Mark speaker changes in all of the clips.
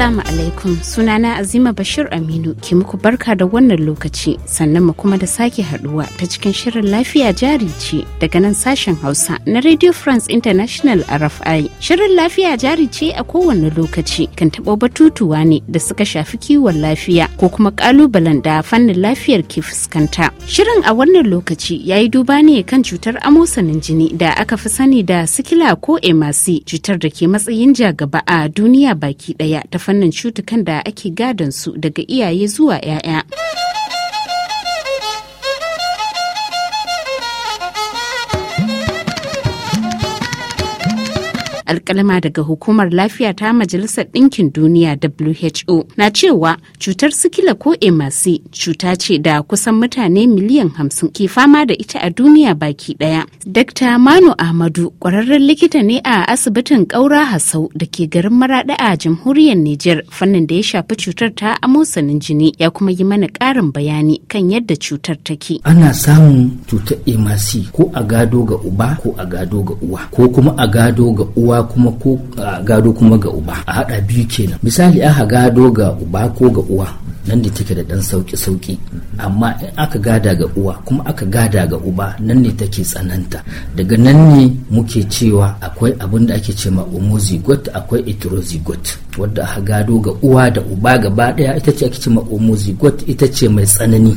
Speaker 1: Assalamu alaikum sunana Azima Bashir Aminu ke muku barka da wannan lokaci sannan mu kuma da sake haduwa ta cikin shirin lafiya jari ce daga nan sashen Hausa na Radio France International RFI. Shirin lafiya jari ce a kowane lokaci kan taɓo batutuwa ne da suka shafi kiwon lafiya ko kuma kalubalen da fannin lafiyar ke fuskanta. Shirin a wannan lokaci ya yi duba ne kan cutar amosanin jini da aka fi sani da sikila ko emasi cutar da ke matsayin jagaba a duniya baki ɗaya ta fannin cutukan da ake gadon su daga iyaye zuwa 'ya'ya. alkalama daga hukumar lafiya ta majalisar ɗinkin duniya who na cewa cutar sikila ko emasi cuta ce da kusan mutane miliyan hamsin ke fama da ita a duniya baki ɗaya dr manu ahmadu kwararren likita ne a asibitin ƙaura hasau da ke garin maraɗa a jamhuriyar niger fannin da ya shafi cutar ta amosanin jini ya kuma yi mana ƙarin bayani kan yadda cutar take ana
Speaker 2: samun cutar emasi ko a gado ga uba ko a gado ga uwa ko kuma a gado ga uwa kuma ko ah, gado kuma ga uba a hada biyu kenan misali aka gado ga uba ko ga uwa nan ne take da ɗan sauki sauki amma in aka gada ga uwa kuma aka gada ga uba nan ne take tsananta daga nan ne muke cewa akwai abin da ake cewa ma got akwai heterozygote wadda aka gado ga uwa da uba gaba daya ita ce ake cewa ma got ita ce mai tsanani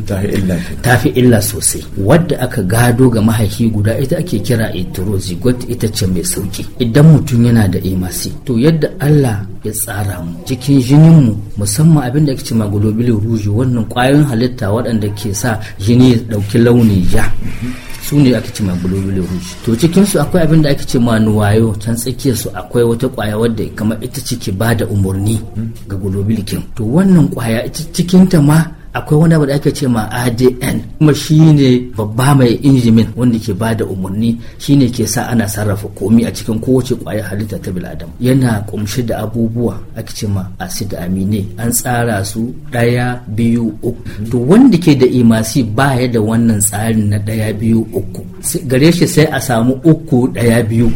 Speaker 2: tafi illa sosai wadda aka gado ga mahaifi guda ita ake kira heterozygote ita ce mai sauƙi idan mutum yana da emasi to yadda Allah ya tsara mu cikin jinin mu musamman abin da ake ce globulin ruji wannan kwayoyin halitta waɗanda ke sa jini ya ɗauki launi ja su ne ake ce ma globulin rouge to cikin su akwai abin da ake ce ma nuwayo can tsakiyar su akwai wata kwaya wadda kamar ita ce ke bada umarni ga globulin to wannan kwaya ita cikin ma akwai wani abu da ake ce ma ADN kuma shine babba mai injimin wanda ke ba da umarni shine ke sa ana sarrafa komi a cikin kowace kwaya halitta ta biladam yana kumshi da abubuwa ake ce ma acid amine an tsara su daya biyu uku to wanda ke da imasi e baya da wannan tsarin na daya biyu uku gare shi sai a samu uku daya biyu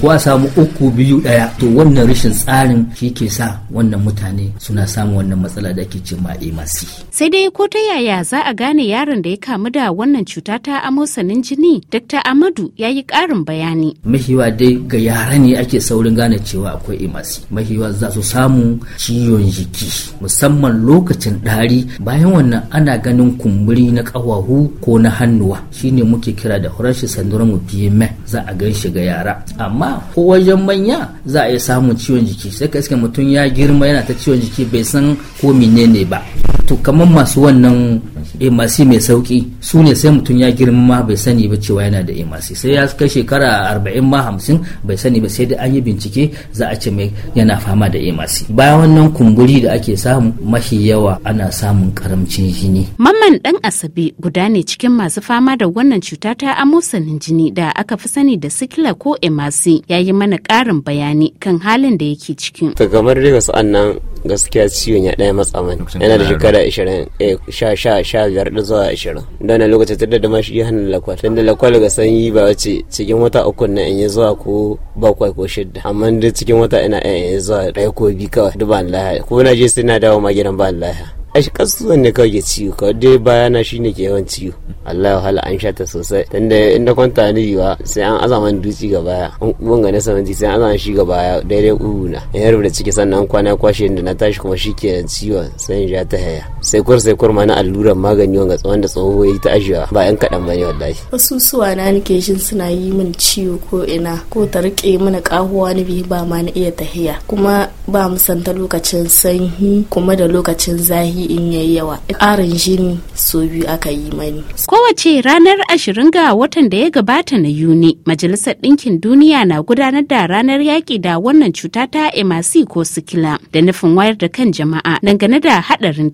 Speaker 2: ko a samu uku biyu daya to wannan rashin tsarin shi ke sa wannan mutane suna samun wannan matsala da ake ce ma imasi e
Speaker 1: sai dai dai ko ta yaya za a gane yaron da ya kamu da wannan cuta ta amosanin jini? Dr. Amadu ya yi karin bayani.
Speaker 2: Mahiwa dai ga yara ne ake saurin gane cewa akwai imasi. Mahiwa za su samu ciwon jiki musamman lokacin ɗari bayan wannan ana ganin kumburi na ƙawahu ko na hannuwa shine muke kira da horashi syndrome PMA za a gan shi ga yara. Amma ko wajen manya za a iya samun ciwon jiki sai ka iska mutum ya girma yana ta ciwon jiki bai san ko menene ba. to kamar masu wannan emasi mai sauki su ne sai mutum ya girma bai sani ba cewa yana da emasi sai ya kai shekara arba'in ma hamsin bai sani ba sai da an yi bincike za a ce mai yana fama da emasi bayan wannan kumburi da ake samu mafi yawa ana samun karamcin jini
Speaker 1: mamman dan asabe guda ne cikin masu fama da wannan cuta ta amosanin jini da aka fi sani da sikila ko emasi ya yi mana karin bayani kan halin da yake cikin
Speaker 2: kamar daga wasu annan gaskiya ciwon ya ɗaya matsa yana da shekara 20 sha biyar da zuwa ashirin da wannan lokacin tunda da mashi shi hannun lakwal da lakwal ga sanyi ba wace cikin wata uku na in yi zuwa ko bakwai ko shidda amma duk cikin wata ina in yi zuwa ɗaya ko biyu kawai duk ba lahiya ko na je sai na dawo ma gidan ba lahiya a shi kasuwan ne kawai ke ciwo kawai dai bayana shi ne ke yawan ciwo Allah ya hala an ta sosai tunda inda kwanta ni yiwa sai an azama dutsi ga baya an bunga na samanci sai an azama shi ga baya daidai ugu na ya rubuta ciki sannan kwana kwashe da na tashi kuma shi ke ciwon sai in sha ta haya sai kur sai kur ma na alluran magani wanga tsawon da tsoho ya yi ta ajiyewa ba yan kaɗan ba ne wallahi.
Speaker 1: suwa na nake jin suna yi min ciwo ko ina ko ta riƙe mana ƙahuwa ni bi ba ma na iya tahiya kuma ba musanta lokacin sanyi kuma da lokacin zahi yi in yayi yawa ƙarin jini so biyu aka yi mani. Kowace ranar ashirin ga watan da ya gabata na Yuni, Majalisar Ɗinkin Duniya na gudanar da ranar yaƙi da wannan cuta ta MRC ko sikila da nufin wayar da kan jama'a dangane da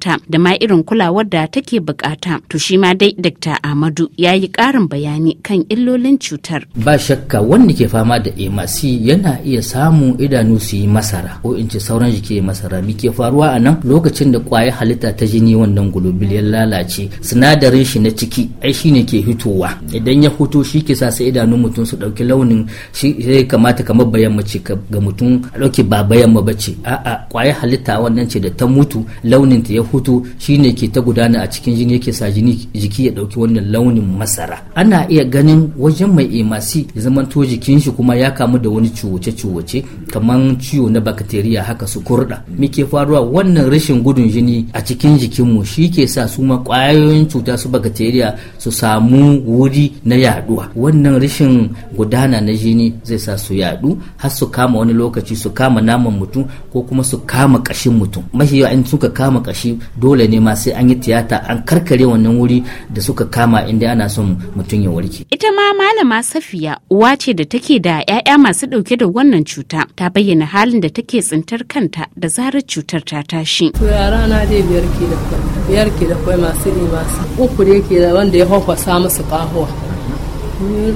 Speaker 1: ta da ma irin kulawar da take buƙata. To shi ma dai Dr. Amadu ya yi ƙarin bayani kan illolin cutar.
Speaker 2: Ba shakka wanda ke fama da MRC yana iya samun idanu su yi masara ko in ce sauran jiki masara. Me ke faruwa a nan lokacin da kwaya halitta halitta ta jini wannan globin ya lalace sinadarin shi na ciki ai shine ke hitowa idan ya hito shi ke sa sai idanun mutum su dauki launin shi zai kamata kamar bayan mace ga mutum a dauki ba bayan ma bace a'a kwaya halitta wannan ce da ta mutu launin ta ya shi shine ke ta gudana a cikin jini yake sa jini jiki ya dauki wannan launin masara ana iya ganin wajen mai emasi ya zamanto jikin shi kuma ya kamu da wani ciwoce-ciwoce kamar ciwo na bakteriya haka su kurda muke faruwa wannan rashin gudun jini a cikin jikinmu shi ke sa su ma ƙwayoyin cuta su bakteriya su samu wuri na yaduwa wannan rashin gudana na jini zai sa su yadu har su kama wani lokaci su kama naman mutum ko kuma su kama kashin mutum mafi in suka kama kashi dole ne ma sai an yi tiyata an karkare wannan wuri da suka kama inda ana son mutum ya warke
Speaker 1: ita ma malama safiya uwa ce da take da 'ya'ya masu dauke da wannan cuta ta bayyana halin da take tsintar kanta da zarar cutar ta tashi
Speaker 2: biyar ke da kwai biyar ke da kwai masu ne uku da ke da wanda ya hokwasa musu kahuwa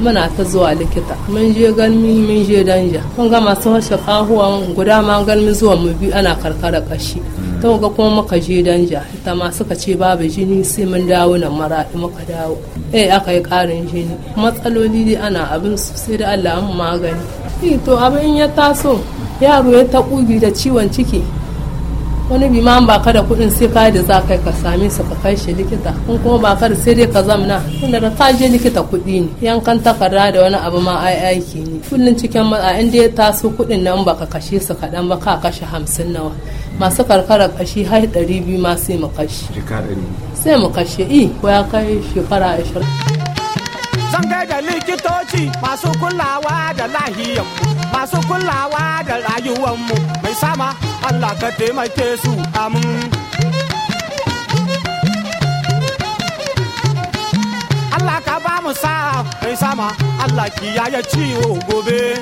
Speaker 2: muna ta zuwa likita mun je galmi mun je danja kun ga masu hashe kahuwa guda ma galmi zuwa mu bi ana karkara kashi ta ga kuma muka je danja ita ma suka ce babu jini sai mun dawo nan mara muka dawo eh aka yi karin jini matsaloli dai ana abin su sai da Allah an magani eh, to abin ya taso yaro ya ta ƙugi da ciwon ciki wani biman ba ka da kuɗin sai ka da za kai ka sami su ka kai shi likita kun kuma ba ka da sai dai ka zamna tunda da ka je likita kuɗi ne yankan takarda da wani abu ma ai aiki ne kullun cikin a inda ta taso kuɗin nan ba ka kashe su kaɗan ba ka kashe hamsin nawa masu karkara kashi har ɗari biyu ma sai mu kashe sai mu kashe i ko ya kai shekara ashirin.
Speaker 3: zan kai da likitoci masu kulawa da lahiyar masu kulawa da rayuwanmu mai sama Allah ka taimake su amin. Allah ka ba mu sa mai sama Allah kiyaye ciwo gobe.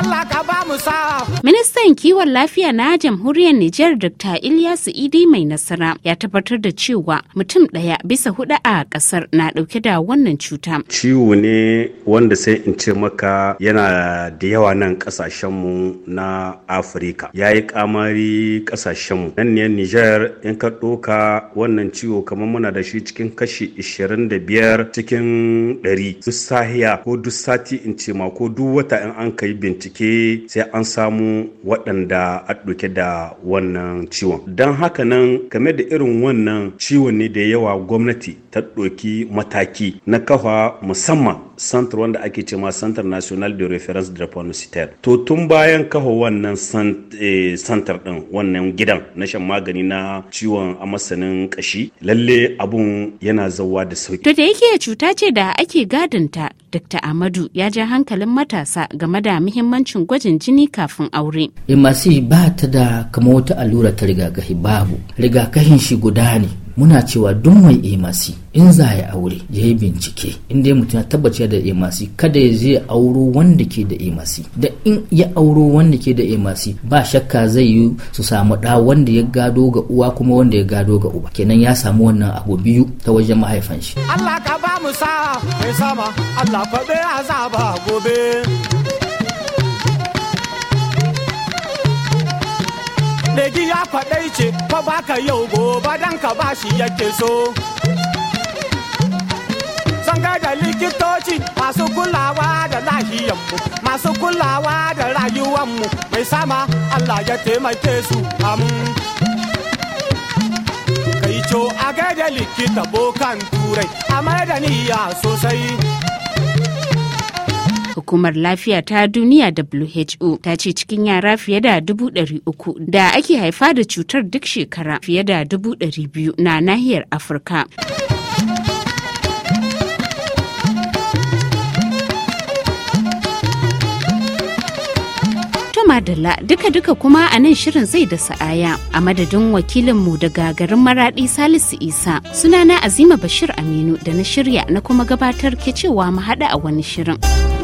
Speaker 3: Allah ka ba mu sa'a.
Speaker 1: Ministan kiwon lafiya na jamhuriyar Nijar Dr. Ilyas Idi mai nasara ya tabbatar da cewa mutum ɗaya bisa hudu a ƙasar na ɗauke da wannan cuta.
Speaker 2: Ciwo ne wanda sai in ce maka yana da yawa nan ƙasashenmu na Afirka. Ya yi ƙamari ƙasashenmu. Nan ne Nijar in ka ɗoka wannan ciwo kamar muna da shi cikin kashi 25 cikin 100 duk ko duk sati in ce ma ko duk wata in an kai bincike bincike sai an samu waɗanda a ɗauke da wannan ciwon don haka nan game da irin wannan ciwon ne da yawa gwamnati ta ɗoki mataki na kafa musamman santar wanda ake cema santar national de reference drepanocytaire to tun bayan kafa wannan eh, santar ɗin wannan gidan na shan magani na ciwon amasanin kashi lalle abun yana zawa da sauki
Speaker 1: to da yake cuta ce da ake gadinta dr amadu ya ja hankalin matasa game da muhimmancin gwajin jini kafin aure
Speaker 2: e masu ba ta da kama wata allura ta rigakafi babu rigakafin shi guda ne muna cewa duk mai emasi in za ya aure ya yi bincike in dai mutum ya tabbace da emasi kada ya je auro wanda ke da emasi da in ya auro wanda ke da emasi ba shakka zai yi su samu da wanda ya gado ga uwa kuma wanda ya gado ga uba kenan ya samu wannan abu biyu ta wajen mahaifan
Speaker 3: shi Allah ka ba mu sa mai sama Allah faɗe azaba gobe Lady ya faɗai ce fa baka yau gobe dan ka ba shi yake so. Sanga da likitoci masu kulawa da lahiyanmu, masu kulawa da rayuwanmu mai sama Allah ya taimake su am. Kai co a gaida likita bokan turai, a da niyya sosai.
Speaker 1: Hukumar Lafiya ta Duniya WHO ta ce cikin yara fiye da dubu ɗari uku da ake haifa da cutar duk shekara fiye da dubu ɗari biyu na nahiyar Afirka. madalla duka-duka kuma a nan shirin zai da sa'aya a madadin wakilinmu daga garin maradi salisu isa sunana azima bashir aminu da na shirya na kuma gabatar ke cewa mu a wani shirin.